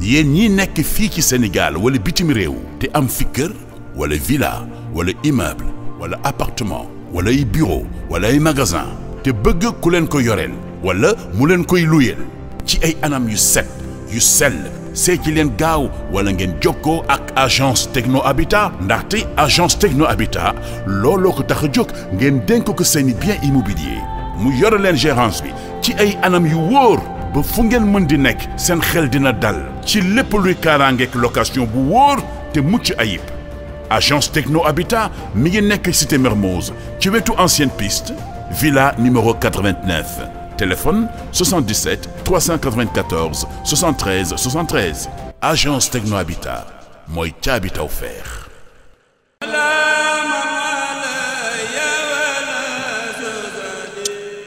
yéen ñii nekk fii ci Sénégal wala bitim réew te am fi kër wala villa wala immeuble wala appartement wala ay bureau wala ay magasin te bëgg ku leen ko yoreel wala mu leen koy luyeel ci ay anam yu set yu sel see ci leen gaaw wala ngeen jokkoo ak agence techno habitat ndaxte agence techno habitat looloo ko tax a jóg ngeen dénk ko seeni bien immobilier mu yore leen gérance bi ci ay anam yu wóor ba fu ngeen mën di nekk seen xel dina dal ci lépp luy kaaraangeek location bu wóor te mucc ayib agence techno habitat mi ngi nekk cité Mermoz ci wetu ancienne piste villa numéro 89 téléphone 77 394 73 73 agence techno habitat mooy ca habitat offert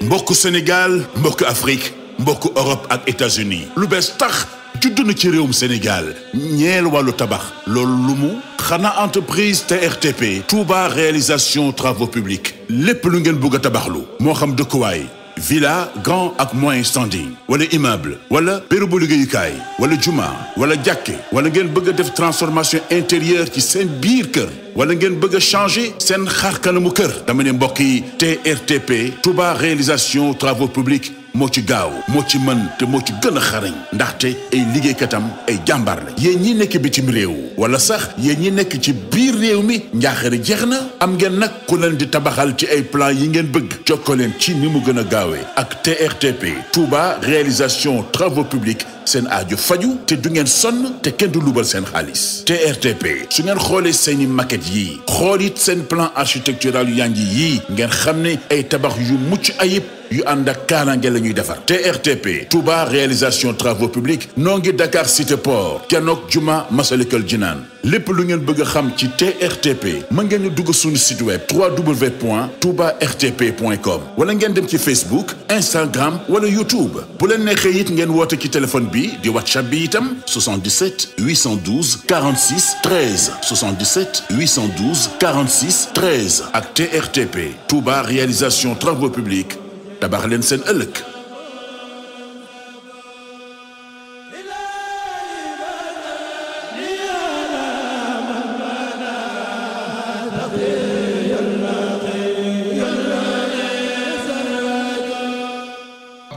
mbokku Sénégal mbokku Afrique mbokku Europe ak états lu bees tax judd na ci réewum Sénégal ñeel wàllu tabax loolu lu mu xanaa entreprise TRTP Touba réalisation travaux publique lépp lu ngeen bëgg a lu moo xam dëkkuwaay villa grand ak moyen standing wala immeuble wala bérébu liggéeyukaay wala juma wala jàkke wala ngeen bëgg a def transformation intérieure ci seen biir kër wala ngeen bëgg a changer seen xar kanamu kër dama ne mbokk yi TRTP Touba réalisation travaux publics moo ci gaaw moo ci mën te moo ci gën a xarañ ndaxte ay liggéeykatam ay jàmbaar la yéen ñi nekk bitim réew wala sax yéen ñi nekk ci biir réew mi njaaxare jeex na am ngeen nag ku leen di tabaxal ci ay plan yi ngeen bëgg jokkoo leen ci ni mu gën a gaawee ak TRTP Touba réalisation travaux publics seen aajo faju te du ngeen sonn te kenn du lubal seen xaalis TRTP su ngeen xoolee seeni makket yii xool it seen plan architectural yu yànji yii ngeen xam ne ey tabax yu mucc ayib yu ànd ak kaarange la ñuy defar TRTP Touba réalisation travaux publics noo ngi Dakar cité port kennook juma Masalikul Jinaan lépp lu ngeen bëgg a xam ci TRTP mën ngeen ñu dugg suñu site web www.toubartp.com wala ngeen dem ci Facebook Instagram wala YouTube bu leen neexee it ngeen woote ci téléphone bi di WhatsApp bi itam 77 812 46 13 77 812 46 13 ak TRTP Touba réalisation travaux publics tabax leen seen ëllëg.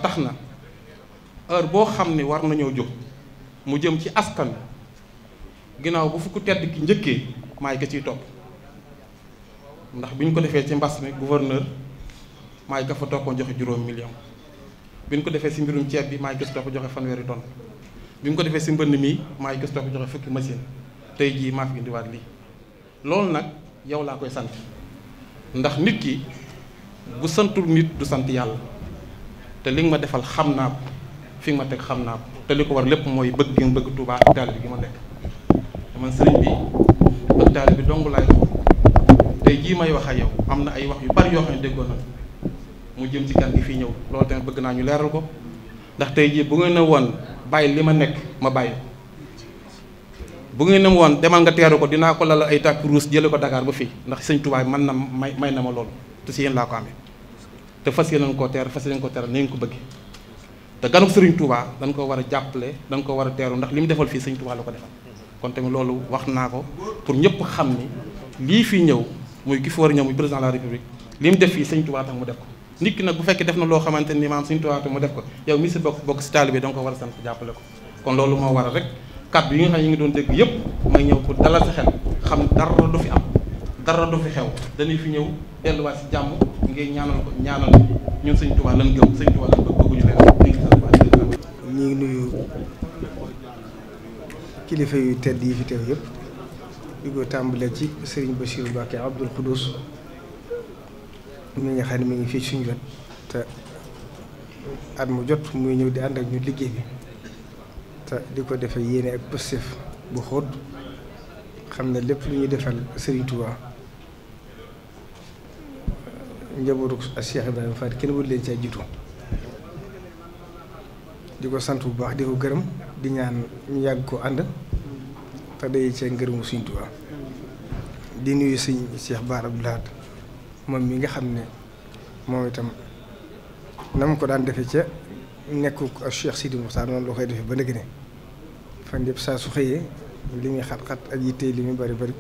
tax na heure boo xam ne war nañoo jóg mu jëm ci askan ginnaaw bu fukk tedd ki njëkkee maay ka ciy topp ndax bi ñu ko defee ci mbas mi gouverneur maay ka fa ko joxe juróom million bi ñu ko defee si mbirum ceeb bi maa ka si topp joxe fanweeri tonne bi ñu ko defee si mbënn mi maay ka si topp joxe fukki machine tey jii maa fi indiwaat lii loolu nag yow laa koy sant ndax nit ki bu santul nit du sant yàlla te li nga ma defal xam naa ko fi ma teg xam naa ko te li ko war lépp mooy bëgg gi ma bëgg Touba ak taalibe gi ma nekk man sëriñ bi ak taalibe bi dong laay tey jii may wax a yow am na ay wax yu bari yoo xam ne déggoon na mu jëm ci gan gi fi ñëw loolu tamit bëgg naa ñu leeral ko ndax tey jii bu ngeen ne woon bàyyi li ma nekk ma bàyyi bu ngeen ne woon demal nga teeru ko dinaa ko lal ay tàkk ruus jële ko Dakar ba fii ndax sëñ Touba man na may may na ma loolu te si te fas yéene koo teer fas yéene koo teeral nañ ko bëgg te ganuk sëriñ tubaa dañ ko war a jàppale danga ko war a teeru ndax li mu defal fii sëriñ Touba la ko defal kon tamit loolu wax naa ko pour ñëpp xam ni lii fii ñëw muy ki fi war a la république li mu def fii sëriñ Touba tax mu def ko nit nag bu fekkee def na loo xamante ni maam sëriñ Touba tax mu def ko yow mi si bokk bokk si taalibe da ko war a sant jàppale ko kon loolu moo waral rek kàddu yi nga xam ne ñu ngi doon dégg yëpp may ñëw pour dalal sa xel xam dara du fi am dara du fi xew dañuy fi ñëw delluwaat si jàmm ngay ñaanal ko ñaanal ñu nuyu kilifa yu tedd yi fi teew yëpp di ko tàmbalee ci sëriñ Bassirou Mbacké Abdoul Khoudous mi nga xam ne mi ngi fii suñu wet te at mu jot muy ñëw di ànd ak ñu liggéey bi te di ko defee yéene ak pëstef bu xóot xam ne lépp lu ñuy defal Serigne Touba njabootu ak Cheikh Ibrahima Fall kenn wut leen caa jiitu di ko sant bu baax di gërëm di ñaan ñu yàgg ko ànd te day cee ngërëmu Sëriñ Tuubaa di nuyu sëñ Cheikh Bara Abdou Lahad moom mi nga xam ne moom itam na mu ko daan defee ca nekku ak Cheikh Sidi Moussa noonu loo koy defee ba léegi ne fan yëpp saa su xëyee li muy xat-xat ak yitte li muy bari bari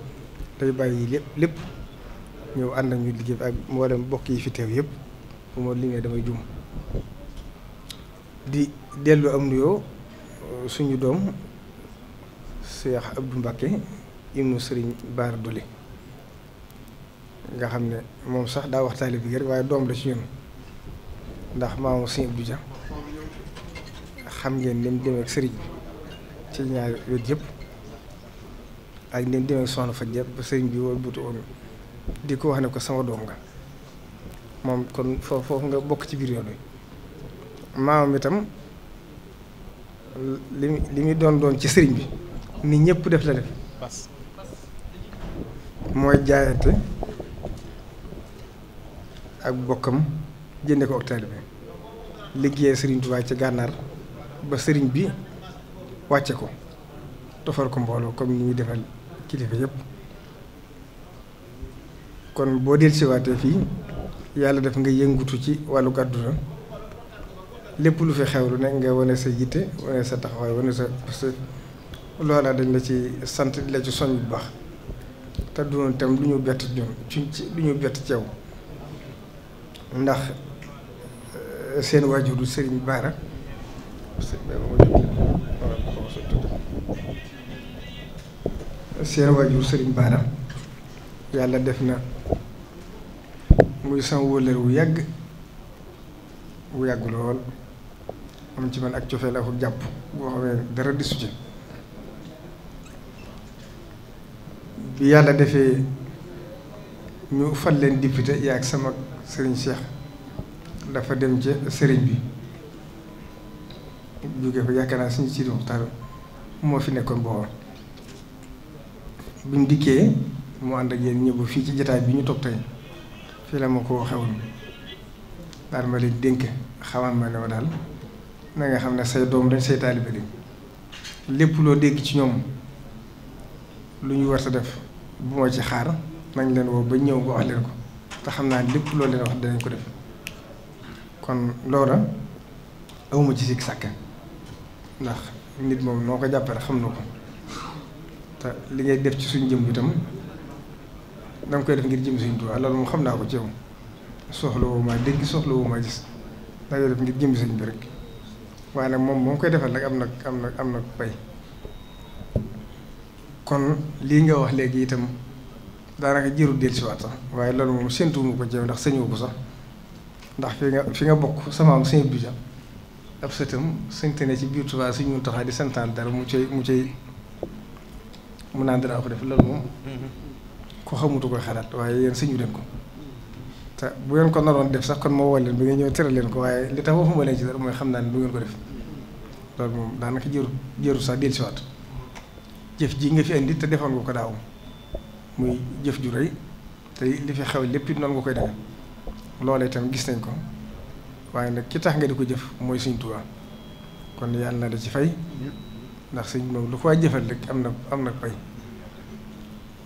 day bàyyi lépp lépp. ñëw ànd ak ñu liggéey ak mboolem mbokk yi fi teew yëpp bu ma limee damay juum di dellu am nuyoo uh, suñu doom Cheikh Abdou Mbacké ibnu Sëriñ Baara Doli nga xam ne moom sax daa wax taalib bi waaye doom la ci ñun ndax maamu Sëriñ Abdou Dia xam ngeen ni mu sëriñ ci ñaari wet yëpp ak ni mu demee ak soxna sëriñ bi wol butu woon di ko wax ne ko sama doom nga moom kon foofu nga bokk ci biir yoon wi maamam itam li li doon doon ci sëriñ bi ni ñëpp def la def mooy jaayante ak bokkam jënde ko ak taalibe liggéeyee sëriñ Tuubaa ci gànnaar ba sëriñ bi wàcce ko tofal ko mbooloo comme ni ñuy defal kilifa yëpp kon boo dellusiwaatee fii yàlla def nga yëngutu ci wàllu àdduna lépp lu fi xew lu ne nga wane sa yitte wane sa taxawaay wane sa parce que dañ la ci sant di la ci soñ bu baax te dunoon tam lu ñu bett ñun ndax euh, seen waajuru Serigne Baara seen waajuru Serigne Baara yàlla def na muy sama wu yàgg wu yàgg lool am ci man ak cofee la ko jàpp boo xamee dara disu ci bi yàlla defee ñu fal leen député ak sama sëriñ Cheikh dafa dem ci sëriñ bi jóge yaakaar naa suñu ci moo fi nekkoon booba bi mu dikkee mu ànd ak yéen fii ci jataay bi ñu toog tey fii la ma ko waxee woon daal ma leen dénk xamal ma ne ma daal na nga xam ne say doom dañ say taalibe lépp loo dégg ci ñoom lu ñuy war a def bu ma ci xaar nañ leen woo ba ñëw ba wax leen ko te xam naa lépp loo leen wax danañ ko def kon loola awma ci sikk sàkk ndax nit moom noo ko jàppale xam na ko te li ngay def ci suñ jëm itam danga koy def ngir jëm Sëriñ Tuubaa loolu moom xam naa ko ci yow soxla woo maa dégg soxla woo maa gis da ngir jëm Sëriñ bi rek waaye nag moom moom koy defal nag am nag am nag am na bay kon lii nga wax léegi itam daanaka jëru dellusiwaat sax waaye loolu moom séntuwuma ko ci ndax sëñoo ko sax ndax fi nga fi nga bokk sama am sëñ Bija ab sëtam sëñte ne ci biir Tuubaa Sëñ Muntaxaa di santaan dara mu cay mu ci mu naan dara ko def loolu moom mm-hmm. ku xamutu koy xalaat waaye yéen sañu leen ko te bu ngeen ko naroon def sax kon moo woo leen bi nga ñëw tëral leen ko waaye li tax waxuma leen ci dara mooy xam naa ne du ko def loolu moom daanaka jëru jëru sax dellusiwaat jëf ji nga fi indi te defoon ko daaw muy jëf ju rey te li fi xew lépp it noonu nga koy defee loolee itam gis nañ ko waaye nag ki tax nga di ko jëf mooy Sëñ Tuubaa kon yàlla na da ci fay ndax sëñ moom lu ko jëfal rek am na am na fay.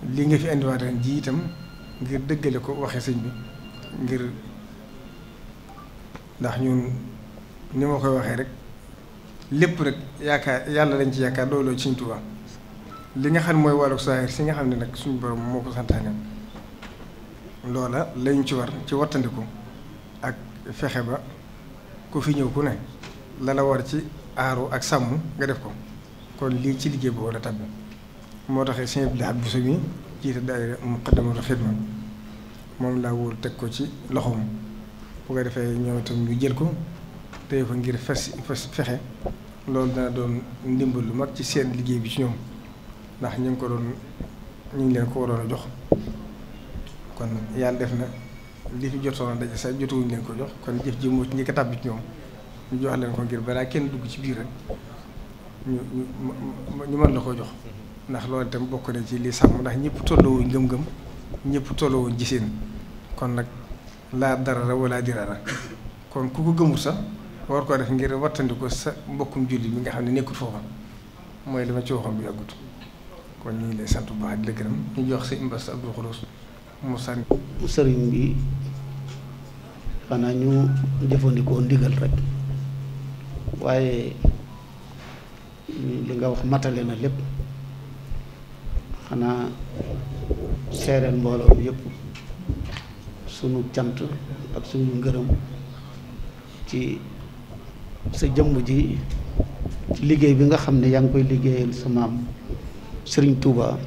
li nga fi indiwaat ren ji itam ngir dëggale ko waxee sëñ bi ngir ndax ñu ni ma koy waxee rek lépp rek yaakaar yàlla lañ ci yaakaar looloo ci nga xam mooy wàllu saahir si nga xam ne nag suñu borom moo loola lañ ci war ci wattandiku ak fexe ba ku fi ñëw ku ne la la war ci aaru ak sàmm nga def ko kon lii ci liggéey boobu la tàbbi moo taxee sëñ Abdou Lahad Bousso mi jiite daayira Muqaddamatul Xidma moom laa wóolu teg ko ci loxoom bu ko defee ñoom itam ñu jël ko téye ko ngir fes fes fexe loolu dana doon ndimbal lu mag ci seen liggéey bi ci ñoom ndax ñu ngi ko doon ñu leen ko waroon a jox kon yàlla def na li fi jotoon a daje sax jotuwuñ leen ko jox kon jëf ji moo ci ñi tàbbi ci ñoom ñu jox leen ko ngir balaa kenn dugg ci biir rek ñu ñu ñu la koo jox. ndax loolu itam bokk na ci li sàmm ndax ñëpp tolloo ngëm-ngëm ñëpp tolloo giseen kon nag laa darara wala dirara kon ku ko gëmul sax war koo def ngir wattandiko sa mbokkum julli mi nga xam ne nekkut foofa mooy dama ma ci waxoon bu yàggut kon ñu ngi lay sant bu baax di la gërëm ñu jox sëñ Mbass Abdou Khoudoss mu sànni sëriñ bi xanaa ñu jëfandikoo ndigal rek waaye li nga wax matale na lépp xanaa seereel mbooloo yépp sunu cant ak sunu ngërëm ci sa jëmm ji ci liggéey bi nga xam ne yaa ngi koy liggéeyal sa maam sëriñ Touba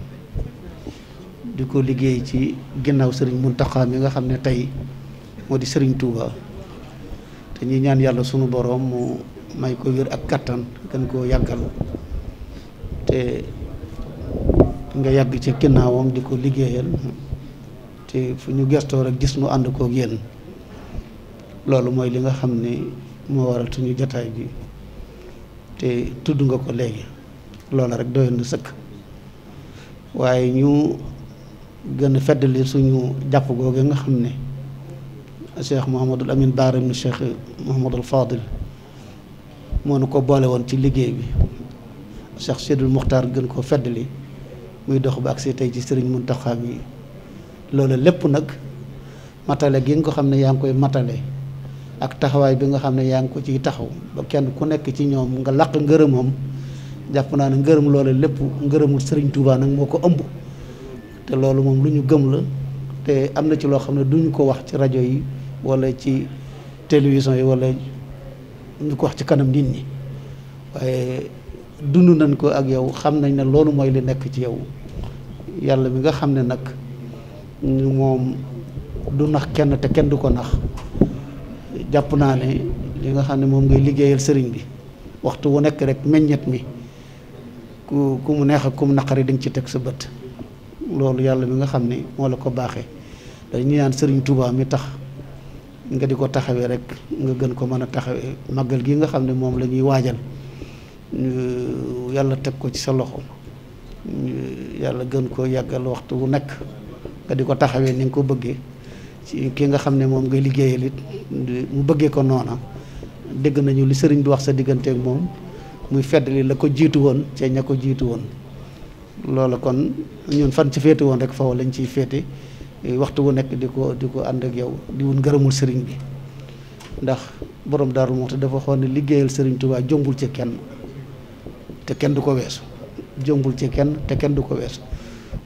di ko liggéey ci ginnaaw sëriñ Mountakha mi nga xam ne tey moo di sëriñ tuuba te ñuy ñaan yàlla sunu boroom mu may ko wér ak kàttan gën koo yàggal te nga yàgg ci ginnaawam di ko liggéeyal te fu ñu gestoo rek gis nu ànd koog yéen loolu mooy li nga xam ne moo waral suñu jataay bi te tudd nga ko léegi loolu rek doyoon na sëkk waaye ñu gën a feddali suñu jàpp googu nga xam ne cheikh Mouhamadul Amin Baara ibn cheikh Mouhamadul Fadil moo nu ko boole woon ci liggéey bi cheikh Seydul Muxtaar gën koo feddali muy dox ba agsi tey ci sëriñ Muntaxa bi loolu lépp nag matale gi nga ko xam ne yaa ngi koy matale ak taxawaay bi nga xam ne yaa ngi ko ciy taxaw ba kenn ku nekk ci ñoom nga laq ngërëmam jàpp naa ne ngërëm loolu lépp ngërëmul sëriñ Touba nag moo ko ëmb te loolu moom lu ñu gëm la te am na ci loo xam ne duñu ko wax ci rajo yi wala ci télévision yi wala ñu ko wax ci kanam nit ñi waaye dund nañ ko ak yow xam nañ ne loolu mooy li nekk ci yow yàlla bi nga xam ne nag moom du nax kenn te kenn du ko nax jàpp naa ne li nga xam ne moom ngay liggéeyal sëriñ bi waxtu wu nekk rek meññet mi ku mu neex ak ku mu ci teg sa bët loolu yàlla mi nga xam ne moo la ko baaxee dañuy naan sëriñ Touba mi tax nga di ko taxawee rek nga gën ko mën a taxawee màggal gi nga xam ne moom lañuy waajal yàlla teg ko ci sa loxo yàlla gën koo yàggal waxtu wu nekk nga di ko taxawee ni nga ko bëggee ci ki nga xam ne moom ngay liggéeyal it mu bëggee ko noona dégg nañu li sëriñ bi wax sa digganteeg moom muy feddali la ko jiitu woon cee ña ko jiitu woon loolu kon ñun fan ci féete woon rek faw lañ ciy féete waxtu wu nekk di ko di ko ànd ak yow di wun ngërëmul sëriñ bi ndax borom Daaru Muxti dafa xool ne liggéeyal sëriñ Tuubaa jombul ci kenn te kenn du ko weesu jombul ci kenn te kenn du ko weesu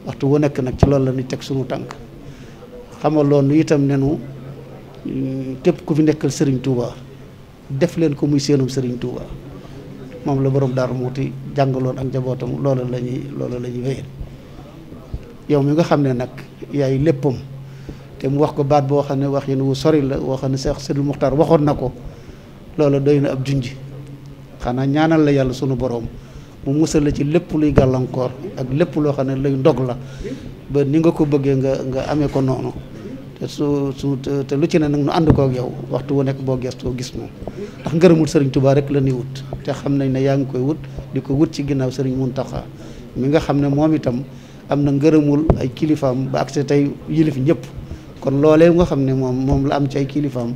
waxtu wu nekk nag ci loolu la ñuy teg suñu tànk xamaloon nu itam mm, nenu nu képp ku fi nekkal sëriñ Touba def leen ko muy seenum sëriñ Touba moom la borom Darou Mouhty jàngaloon ak njabootam loola la ñuy loola la ñuy yow mi nga xam ne nag yaay léppam te mu wax ko baat boo xam ne wax yéen wu sori la woo xam ne Cheikh Sidil Muxtaar waxoon na ko loola doy na ab junji xanaa ñaanal la yàlla sunu boroom mu musal la ci lépp luy gàllankoor ak lépp loo xam ne luy ndog la ba ni nga ko bëggee nga nga amee ko noonu te su su te lu ci ne nag nu ànd kook yow waxtu wu nekk boo gestoo gis moom ndax ngërëmul sëriñ Tuubaa rek la ñuy wut te xam nañ ne yaa ngi koy wut di ko wut ci ginnaaw sëriñ Muntaxa mi nga xam ne moom itam am na ngërëmul ay kilifaam ba ak tey yilif ñëpp kon loolee nga xam ne moom moom la am ci ay kilifaam